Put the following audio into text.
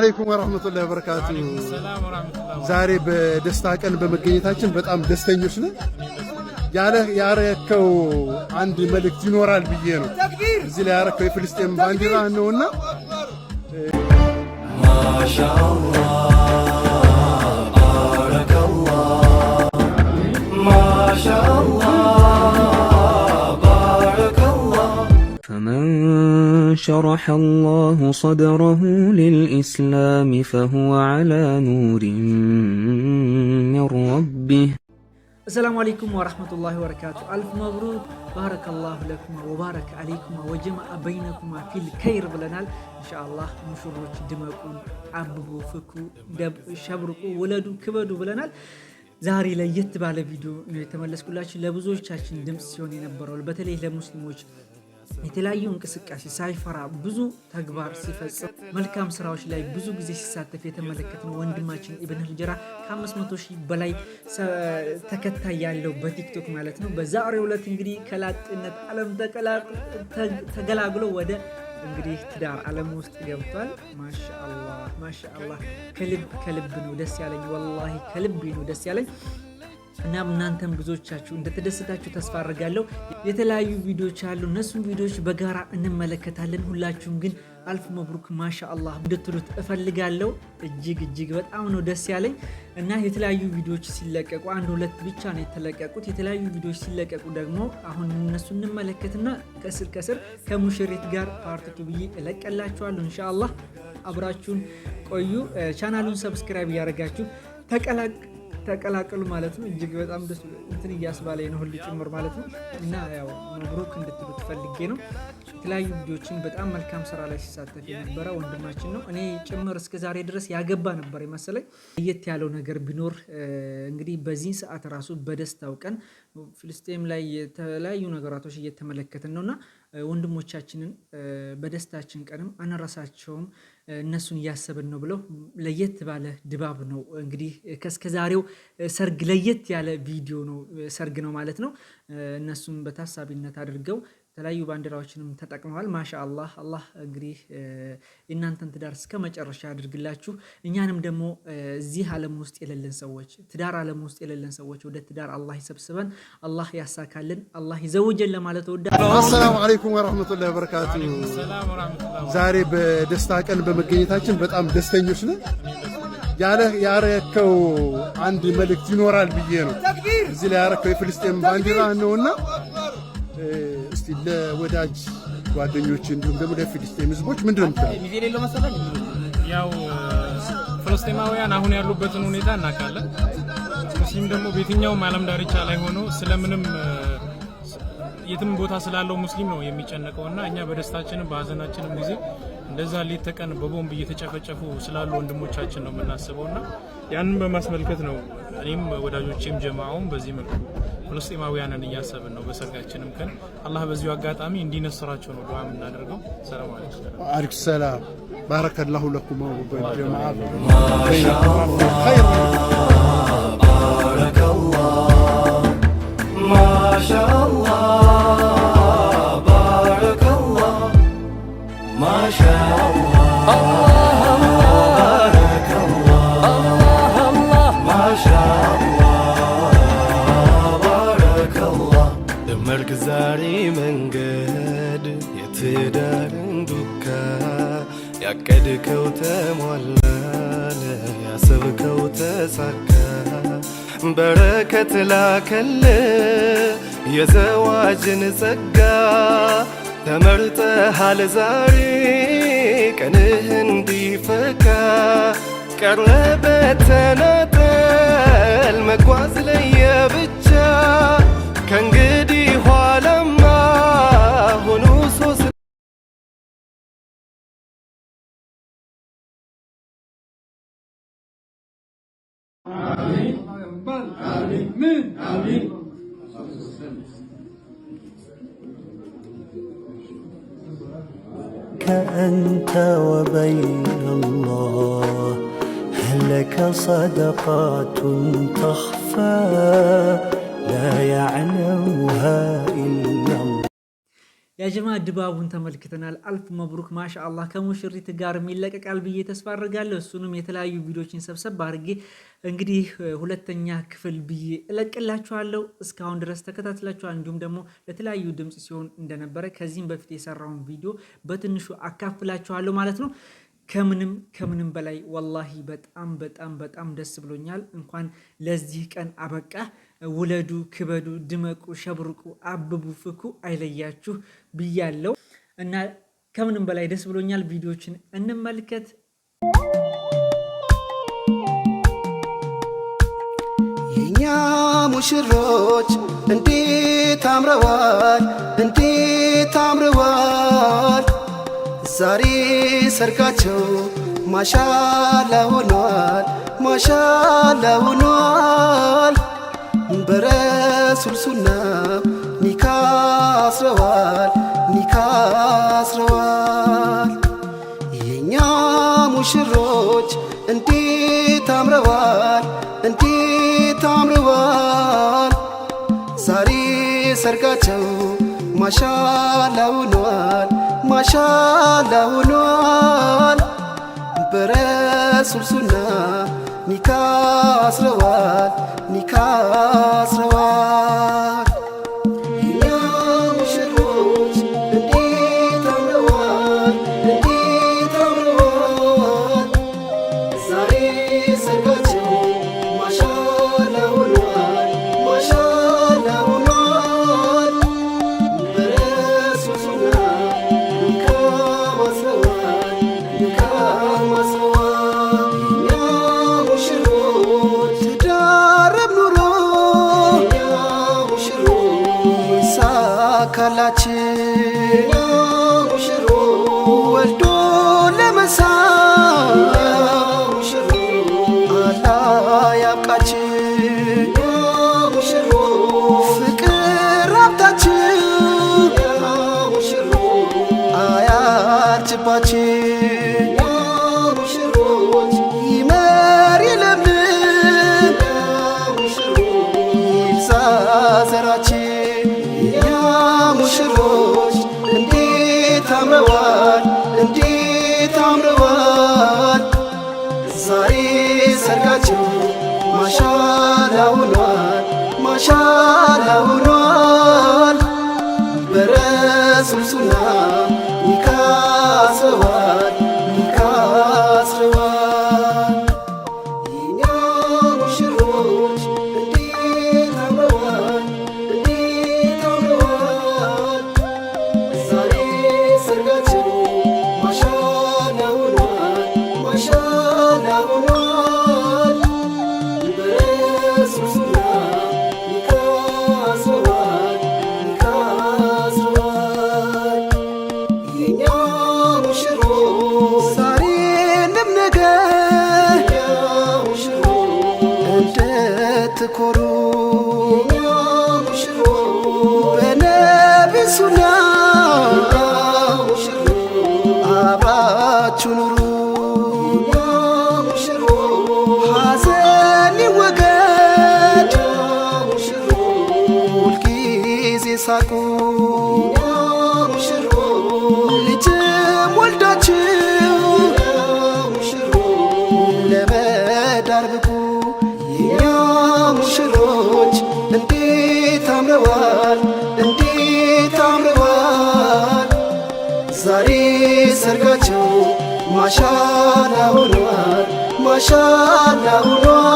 አለይኩም ወራህመቱላሂ ወበረካቱ። ዛሬ በደስታ ቀን በመገኘታችን በጣም ደስተኞች ነን። ያለ ያረከው አንድ መልእክት ይኖራል ብዬ ነው እዚህ ላይ ያረከው የፍልስጤም ባንዲራ ነውና ማሻአላህ شرح الله صدره للإسلام فهو على نور من ربه السلام عليكم ورحمة الله وبركاته ألف مبروك بارك الله لكم وبارك عليكم وجمع بينكم في الخير بلنال إن شاء الله مشروع دمكم عبو فكو دب شبرقوا ولدوا كبدوا بلنال ዛሬ ለየት ባለ ቪዲዮ ነው የተመለስኩላችሁ። ለብዙዎቻችን ድምፅ ሲሆን የነበረው በተለይ ለሙስሊሞች የተለያዩ እንቅስቃሴ ሳይፈራ ብዙ ተግባር ሲፈጽም መልካም ስራዎች ላይ ብዙ ጊዜ ሲሳተፍ የተመለከትነው ወንድማችን ኢብን ህጀራ ከ500 ሺህ በላይ ተከታይ ያለው በቲክቶክ ማለት ነው። በዛሬው ዕለት እንግዲህ ከላጤነት ዓለም ተገላግሎ ወደ እንግዲህ ትዳር ዓለም ውስጥ ገብቷል። ማሻአላህ ማሻአላህ፣ ከልብ ከልብ ነው ደስ ያለኝ፣ ወላሂ ከልብ ነው ደስ ያለኝ። እናም እናንተም ብዙዎቻችሁ እንደተደሰታችሁ ተስፋ አድርጋለሁ። የተለያዩ ቪዲዮዎች አሉ፣ እነሱን ቪዲዮዎች በጋራ እንመለከታለን። ሁላችሁም ግን አልፍ መብሩክ ማሻ አላህ እንድትሉት እፈልጋለሁ። እጅግ እጅግ በጣም ነው ደስ ያለኝ እና የተለያዩ ቪዲዮዎች ሲለቀቁ አንድ ሁለት ብቻ ነው የተለቀቁት። የተለያዩ ቪዲዮዎች ሲለቀቁ ደግሞ አሁን እነሱ እንመለከትና ከስር ከስር ከሙሽሪት ጋር ፓርቱ ብዬ እለቀላችኋለሁ። እንሻ አብራችሁን ቆዩ። ቻናሉን ሰብስክራይብ እያደረጋችሁ ተቀላቅ ተቀላቀሉ ማለት ነው። እጅግ በጣም ደስ እንትን እያስባለኝ ነው ሁሉ ጭምር ማለት ነው። እና ያው መብሩክ እንድትሉ ትፈልጌ ነው። የተለያዩ ልጆችን በጣም መልካም ስራ ላይ ሲሳተፍ የነበረ ወንድማችን ነው። እኔ ጭምር ዛሬ ድረስ ያገባ ነበር የመሰለኝ። ለየት ያለው ነገር ቢኖር እንግዲህ በዚህ ሰዓት ራሱ በደስታው ቀን ፍልስጤም ላይ የተለያዩ ነገራቶች እየተመለከትን ነውና ወንድሞቻችንን በደስታችን ቀንም አነራሳቸውም እነሱን እያሰብን ነው ብለው ለየት ባለ ድባብ ነው እንግዲህ ከስከዛሬው ሰርግ ለየት ያለ ቪዲዮ ነው ሰርግ ነው ማለት ነው። እነሱን በታሳቢነት አድርገው የተለያዩ ባንዲራዎችንም ተጠቅመዋል። ማሻአላህ አላህ እንግዲህ የእናንተን ትዳር እስከ መጨረሻ ያድርግላችሁ። እኛንም ደግሞ እዚህ ዓለም ውስጥ የሌለን ሰዎች ትዳር ዓለም ውስጥ የሌለን ሰዎች ወደ ትዳር አላህ ይሰብስበን፣ አላህ ያሳካልን፣ አላህ ይዘውጀን ለማለት እወዳለሁ። አሰላሙ አለይኩም ወረህመቱላሂ ወበረካቱ። ዛሬ በደስታ ቀን በመገኘታችን በጣም ደስተኞች ነን። ያረከው አንድ መልእክት ይኖራል ብዬ ነው እዚህ ላይ ያረከው የፍልስጤም ባንዲራ ነውና ለወዳጅ ጓደኞች እንዲሁም ደግሞ ለፊልስጤም ህዝቦች ምንድን ነው ያው ፍልስጤማውያን አሁን ያሉበትን ሁኔታ እናውቃለን። ሙስሊም ደግሞ በየትኛውም ዓለም ዳርቻ ላይ ሆኖ ስለምንም የትም ቦታ ስላለው ሙስሊም ነው የሚጨነቀው እና እኛ በደስታችንም በሀዘናችንም ጊዜ እንደዛ ሌት ተቀን በቦምብ እየተጨፈጨፉ ስላሉ ወንድሞቻችን ነው የምናስበው እና ያንን በማስመልከት ነው እኔም ወዳጆቼም ጀማውም በዚህ መልኩ ፍልስጤማውያንን እያሰብን ነው በሰርጋችንም ቀን አላህ በዚሁ አጋጣሚ እንዲነስራቸው ነው ዱዓ የምናደርገው። ሰላም አለይኩም። አለይኩም ሰላም። ባረከላሁ ለኩም ማሻአላህ ያሰብነው ተሳካ። በረከት ላከል የዘዋጅን ጸጋ ተመርጠሃል ዛሬ ቀንህ እንዲፈካ ቀረበ ተናጠል መጓ آمين آمين أنت وبين الله هل لك صدقات تخفى لا يعلمها إلا ያጀማ ድባቡን ተመልክተናል። አልፍ መብሩክ ማሻ ከሙሽሪት ጋር የሚለቀቃል ብዬ ተስፋ አድርጋለሁ። እሱንም የተለያዩ ቪዲዮችን ሰብሰብ አድርጌ እንግዲህ ሁለተኛ ክፍል ብዬ እለቅላችኋለሁ። እስካሁን ድረስ ተከታትላችኋል። እንዲሁም ደግሞ ለተለያዩ ድምፅ ሲሆን እንደነበረ ከዚህም በፊት የሰራውን ቪዲዮ በትንሹ አካፍላችኋለሁ ማለት ነው። ከምንም ከምንም በላይ ወላሂ በጣም በጣም በጣም ደስ ብሎኛል። እንኳን ለዚህ ቀን አበቃ። ውለዱ፣ ክበዱ፣ ድመቁ፣ ሸብርቁ፣ አብቡ፣ ፍኩ አይለያችሁ ብያለው እና ከምንም በላይ ደስ ብሎኛል። ቪዲዮችን እንመልከት። የኛ ሙሽሮች እንዴት ታምረዋል! እንዴት ታምረዋል! ዛሬ ሰርጋቸው ማሻላ ሆኗል፣ ማሻላ ሆኗል። ነበረ ሱልሱና ኒካ አስረዋል ኒካ አስረዋል የእኛ ሙሽሮች እንዴት አምረዋል እንዴት አምረዋል ዛሬ ሰርጋቸው ማሻላ ሆኗል ማሻላ ሆኗል በረ ሱልሱና ኒካ አስረዋል ኒካ পাছে ልጅም ወልዳችው ለመዳር ሙሽሮች እንዴት አምረዋል፣ እንዴት አምረዋል። ዛሬ ሰርጋቸው ማሻላ ሆኗል፣ ማሻላ ሆኗል።